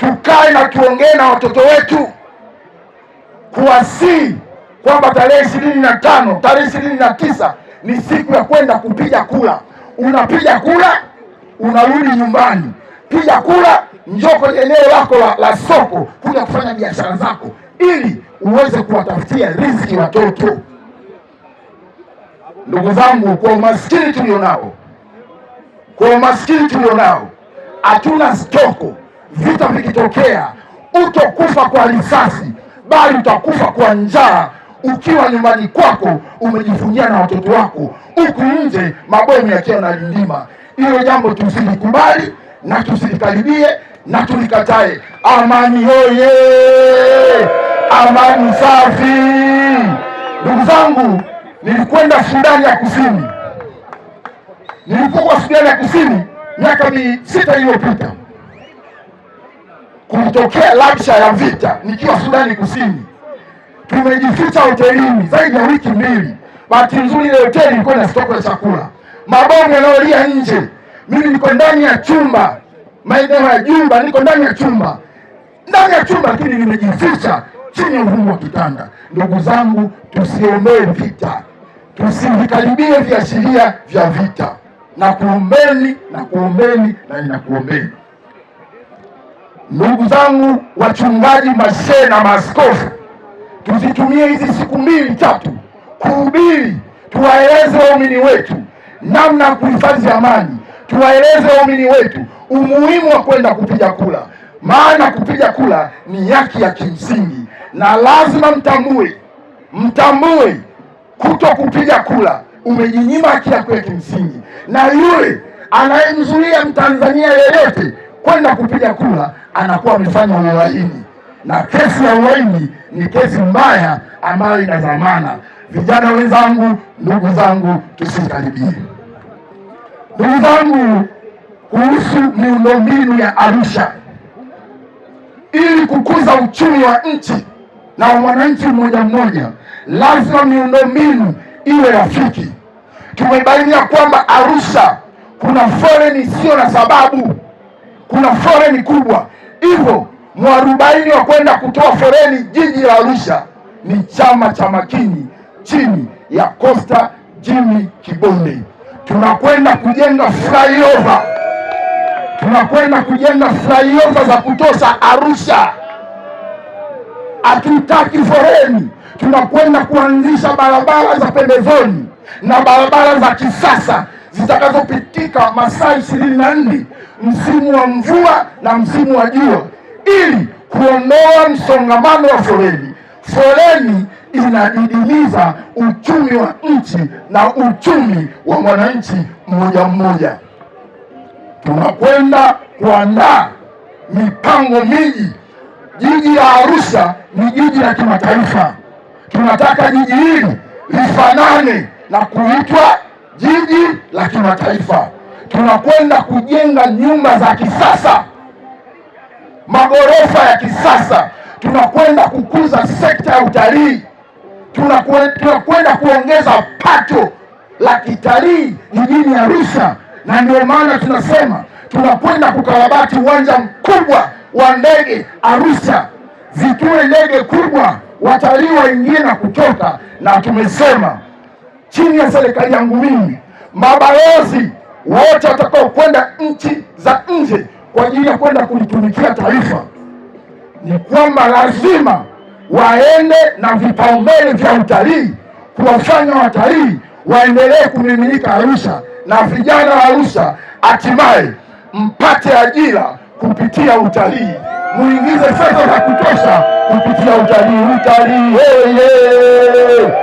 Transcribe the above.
tukae na tuongee na watoto wetu kuwasii kwamba tarehe ishirini na tano tarehe ishirini na tisa ni siku ya kwenda kupiga kura. Unapiga kura unarudi nyumbani, piga kura, njoo kwenye eneo lako la, la soko kuja kufanya biashara zako, ili uweze kuwatafutia riziki watoto. Ndugu zangu, kwa umaskini tulionao, kwa umaskini tulionao, hatuna stoko vita vikitokea, utokufa kwa risasi, bali utakufa kwa njaa ukiwa nyumbani kwako umejivunia na watoto wako, huku nje mabomu yakiwa na lindima. Hiyo jambo tusilikubali na tusilikaribie na tulikatae. Amani hoye! Amani safi! Ndugu zangu, nilikwenda Sudani ya Kusini, nilipokuwa Sudani ya Kusini miaka sita iliyopita kulitokea labsha ya vita nikiwa Sudani Kusini, tumejificha hotelini zaidi ya wiki mbili. Bahati nzuri ile hoteli ilikuwa na stoko ya chakula, mabomu yanayolia nje. Mimi niko ndani ya chumba, maeneo ya jumba, niko ndani ya chumba, ndani ya chumba, lakini nimejificha chini ya uvumu wa kitanda. Ndugu zangu, tusiendee vita, tusivikaribie viashiria vya vita. Nakuombeni, nakuombeni na ninakuombeni. Ndugu zangu wachungaji, mashehe na maaskofu, tuzitumie hizi siku mbili tatu kuhubiri, tuwaeleze waumini wetu namna ya kuhifadhi amani, tuwaeleze waumini wetu umuhimu wa kwenda kupiga kula, maana kupiga kula ni haki ya kimsingi, na lazima mtambue, mtambue kuto kupiga kula umejinyima haki yako ya kimsingi, na yule anayemzuia mtanzania yeyote kwenda kupiga kura anakuwa amefanya uhaini, na kesi ya uhaini ni kesi mbaya ambayo ina dhamana. Vijana wenzangu, ndugu zangu, tusikaribie. Ndugu zangu, kuhusu miundombinu ya Arusha ili kukuza uchumi wa nchi na mwananchi mmoja mmoja, lazima miundombinu iwe rafiki. tumebainia kwamba Arusha kuna foreni isiyo na sababu kuna foreni kubwa, hivyo mwarubaini wa kwenda kutoa foreni jiji la Arusha ni Chama cha Makini chini ya Costa Jimmy Kibonde. Tunakwenda kujenga flyover, tunakwenda kujenga flyover za kutosha Arusha. Hatutaki foreni. Tunakwenda kuanzisha barabara za pembezoni na barabara za kisasa zitakazopitika masaa ishirini na nne msimu wa mvua na msimu wa jua ili kuondoa msongamano wa foleni. Foleni inadidimiza uchumi wa nchi na uchumi wa mwananchi mmoja mmoja. Tunakwenda kuandaa mipango miji. Jiji la Arusha ni jiji la kimataifa. Tunataka jiji hili lifanane na kuitwa jiji la kimataifa tunakwenda kujenga nyumba za kisasa, maghorofa ya kisasa. Tunakwenda kukuza sekta ya utalii, tunakwenda kuongeza pato la kitalii jijini Arusha, na ndio maana tunasema tunakwenda kukarabati uwanja mkubwa wa ndege Arusha, zikiwe ndege kubwa, watalii waingie na kutoka. Na tumesema chini ya serikali yangu mimi mabalozi wote watakaokwenda nchi za nje kwa ajili ya kwenda kulitumikia taifa, ni kwamba lazima waende na vipaumbele vya utalii, kuwafanya watalii waendelee kumiminika Arusha na vijana wa Arusha hatimaye mpate ajira kupitia utalii, muingize fedha za kutosha kupitia utalii. Utalii hey, hey.